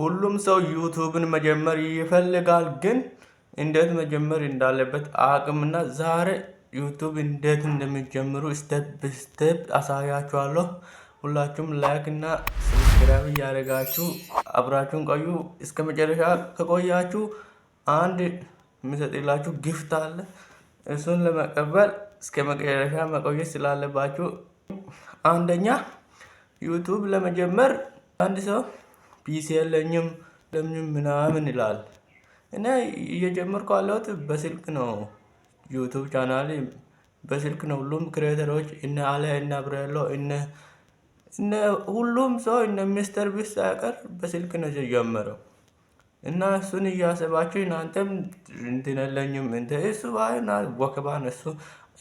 ሁሉም ሰው ዩቱብን መጀመር ይፈልጋል፣ ግን እንዴት መጀመር እንዳለበት አቅምና ዛሬ ዩቱብ እንዴት እንደሚጀምሩ ስቴፕ ስቴፕ አሳያችኋለሁ። ሁላችሁም ላይክ እና ሰብስክራይብ እያደረጋችሁ አብራችሁን ቆዩ። እስከ መጨረሻ ከቆያችሁ አንድ የሚሰጥላችሁ ጊፍት አለ። እሱን ለመቀበል እስከ መጨረሻ መቆየት ስላለባችሁ አንደኛ ዩቱብ ለመጀመር አንድ ሰው ፒሲ የለኝም ለምንም ምናምን ይላል። እና እየጀመርኩ ያለሁት በስልክ ነው። ዩቱብ ቻናል በስልክ ነው። ሁሉም ክሬተሮች እነ አለ እነ ብሬሎ እነ እነ ሁሉም ሰው እነ ሚስተር ቢስ ሳያቀር በስልክ ነው የጀመረው። እና እሱን እያሰባችሁ እናንተም እንትን የለኝም እንደ እሱ ባይና ወከባን እሱ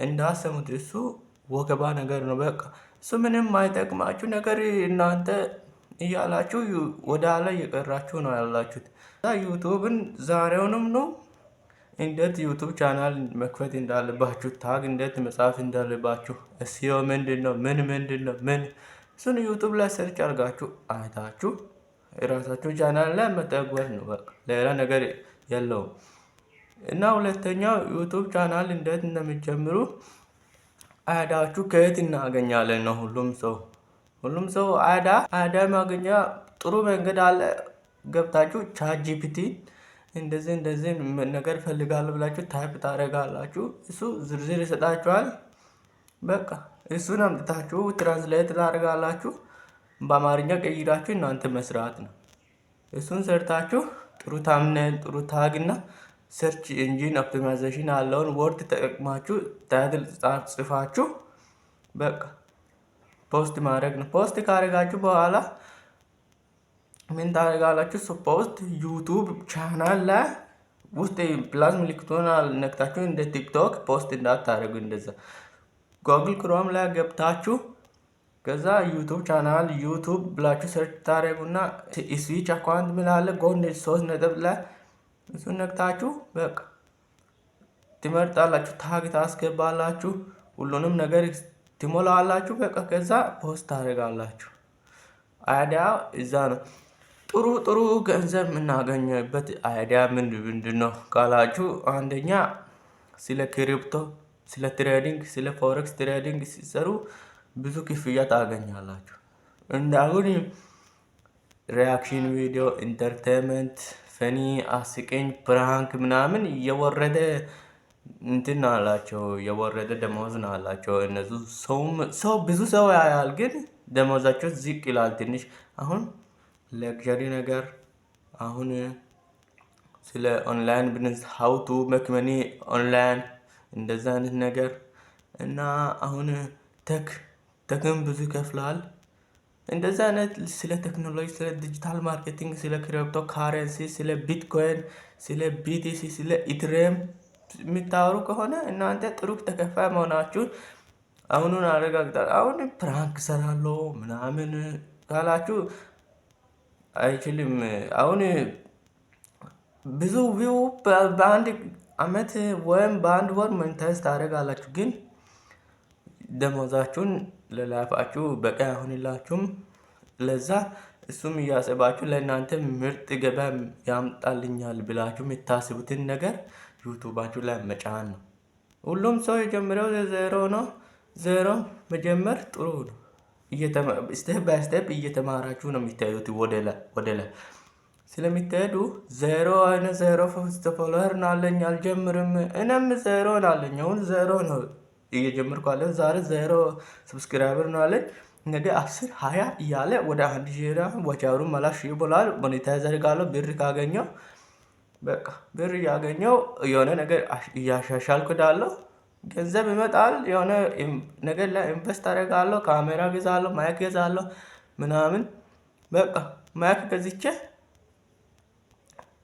እንዳሰሙት እሱ ወከባ ነገር ነው። በቃ እሱ ምንም አይጠቅማችሁ ነገር እናንተ እያላችሁ ወደ ኋላ እየቀራችሁ ነው ያላችሁት። ዩቱብን ዛሬውንም ነው እንዴት ዩቱብ ቻናል መክፈት እንዳለባችሁ፣ ታግ እንዴት መጻፍ እንዳለባችሁ፣ እስዮ ምንድን ነው ምን ምንድን ነው ምን እሱን ዩቱብ ላይ ሰርች አድርጋችሁ አይታችሁ የራሳችሁ ቻናል ላይ መጠጓዝ ነው። በቃ ሌላ ነገር የለውም። እና ሁለተኛው ዩቱብ ቻናል እንዴት እንደሚጀምሩ አይዳችሁ ከየት እናገኛለን ነው ሁሉም ሰው ሁሉም ሰው አዳ አዳ ማግኛ ጥሩ መንገድ አለ። ገብታችሁ ቻት ጂፒቲ እንደዚህ እንደዚህ ነገር ፈልጋለሁ ብላችሁ ታይፕ ታደርጋላችሁ። እሱ ዝርዝር ይሰጣችኋል። በቃ እሱን አምጥታችሁ ትራንስሌት ታደርጋላችሁ። በአማርኛ ቀይራችሁ እናንተ መስራት ነው። እሱን ሰርታችሁ ጥሩ ታምኔል፣ ጥሩ ታግና ሰርች ኢንጂን ኦፕቲማይዜሽን ያለውን ወርድ ተጠቅማችሁ ታይትል ጽፋችሁ በቃ ፖስት ማድረግ ነው። ፖስት ካደረጋችሁ በኋላ ምን ታደርጋላችሁ? ፖስት ዩቱብ ቻናል ላይ ውስጥ ፕላስ ምልክቱን ነክታችሁ እንደ ቲክቶክ ፖስት እንዳታደርጉ። እንደዛ ጎግል ክሮም ላይ ገብታችሁ ከዛ ዩቱብ ቻናል ዩቱብ ብላችሁ ሰርች ታደረጉና ስዊች አካውንት ምላለ ጎን ሶስት ነጥብ ላይ እሱን ነክታችሁ በቃ ትመርጣላችሁ። ታግ ታስገባላችሁ ሁሉንም ነገር ትሞላዋላችሁ። በቃ ከዛ ፖስት ታደርጋላችሁ። አይዲያ እዛ ነው። ጥሩ ጥሩ ገንዘብ የምናገኝበት አይዲያ ምን ምንድን ነው ካላችሁ፣ አንደኛ ስለ ክሪፕቶ፣ ስለ ትሬዲንግ፣ ስለ ፎሬክስ ትሬዲንግ ሲሰሩ ብዙ ክፍያ ታገኛላችሁ። እንደ አሁን ሪያክሽን ቪዲዮ፣ ኢንተርቴንመንት፣ ፈኒ፣ አስቂኝ፣ ፕራንክ ምናምን እየወረደ እንትን አላቸው የወረደ ደመወዝ ነው አላቸው። እነሱ ሰውም ሰው ብዙ ሰው ያያል፣ ግን ደመወዛቸው ዝቅ ይላል ትንሽ። አሁን ለክዠሪ ነገር አሁን ስለ ኦንላይን ብንስ ሀውቱ መክመኒ ኦንላይን እንደዛ አይነት ነገር እና አሁን ተክ ተክም ብዙ ይከፍላል። እንደዚ አይነት ስለ ቴክኖሎጂ፣ ስለ ዲጂታል ማርኬቲንግ፣ ስለ ክሪፕቶ ካረንሲ፣ ስለ ቢትኮይን፣ ስለ ቢቲሲ፣ ስለ ኢትሬም የምታወሩ ከሆነ እናንተ ጥሩ ተከፋ መሆናችሁን አሁኑን አረጋግጣል። አሁን ፕራንክ ሰራለው ምናምን ካላችሁ አይችልም። አሁን ብዙ ቪው በአንድ አመት ወይም በአንድ ወር መንተስ ታደረጋላችሁ፣ ግን ደሞዛችሁን ለላፋችሁ በቃ አይሆንላችሁም። ለዛ እሱም እያሰባችሁ ለእናንተ ምርጥ ገበያ ያምጣልኛል ብላችሁ የምታስቡትን ነገር ዩቱባችሁ ላይ መጫን ነው። ሁሉም ሰው የጀመረው ዜሮ ነው። ዜሮ መጀመር ጥሩ ነው። ስቴፕ ባይ ስቴፕ እየተማራችሁ ነው የሚታዩት ወደ ላይ ስለሚታሄዱ ዜሮ አይነ ዜሮ ፈስት ፎሎወር ናለኝ አልጀምርም። እኔም ዜሮ ናለኝ። አሁን ዜሮ ነው እየጀመርኩ አለ። ዛሬ ዜሮ ሰብስክራይበር ናለኝ። ነገ አስር ሀያ እያለ ወደ አንድ ሺህ ወቻሩ መላሽ ይቦላል። ሞኔታይዝ አደርጋለሁ ብር ካገኘው በቃ ብር እያገኘው የሆነ ነገር እያሻሻልኩ እሄዳለሁ። ገንዘብ ይመጣል የሆነ ነገር ላይ ኢንቨስት አደርጋለሁ ካሜራ ገዛለሁ፣ ማይክ ገዛለሁ ምናምን በቃ ማይክ ገዝቼ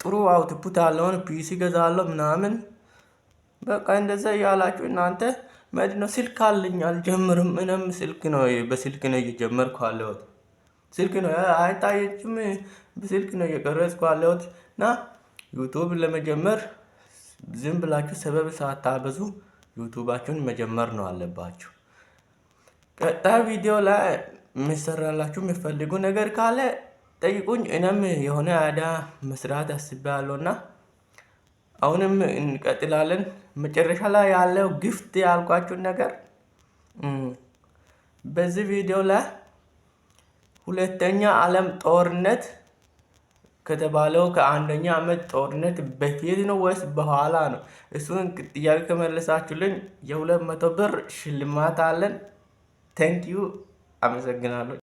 ጥሩ አውትፑት ያለውን ፒሲ ገዛለሁ ምናምን በቃ እንደዛ እያላችሁ እናንተ መድ ነው ስልክ አለኝ አልጀምርም። ምንም ስልክ ነው በስልክ ነው እየጀመርኩ አለሁት። ስልክ ነው አይታየችም። በስልክ ነው እየቀረጽኩ አለሁት እና ዩቱብ ለመጀመር ዝም ብላችሁ ሰበብ ሳታበዙ ዩቱባችሁን መጀመር ነው አለባችሁ። ቀጣይ ቪዲዮ ላይ የሚሰራላችሁ የሚፈልጉ ነገር ካለ ጠይቁኝ። እኔም የሆነ አዳ መስራት አስቤያለሁና አሁንም እንቀጥላለን። መጨረሻ ላይ ያለው ግፍት ያልኳችሁን ነገር በዚህ ቪዲዮ ላይ ሁለተኛ ዓለም ጦርነት ከተባለው ከአንደኛ ዓመት ጦርነት በፊት ነው ወይስ በኋላ ነው? እሱን ጥያቄ ከመለሳችሁልኝ የሁለት መቶ ብር ሽልማት አለን። ቴንኪዩ አመሰግናለሁ።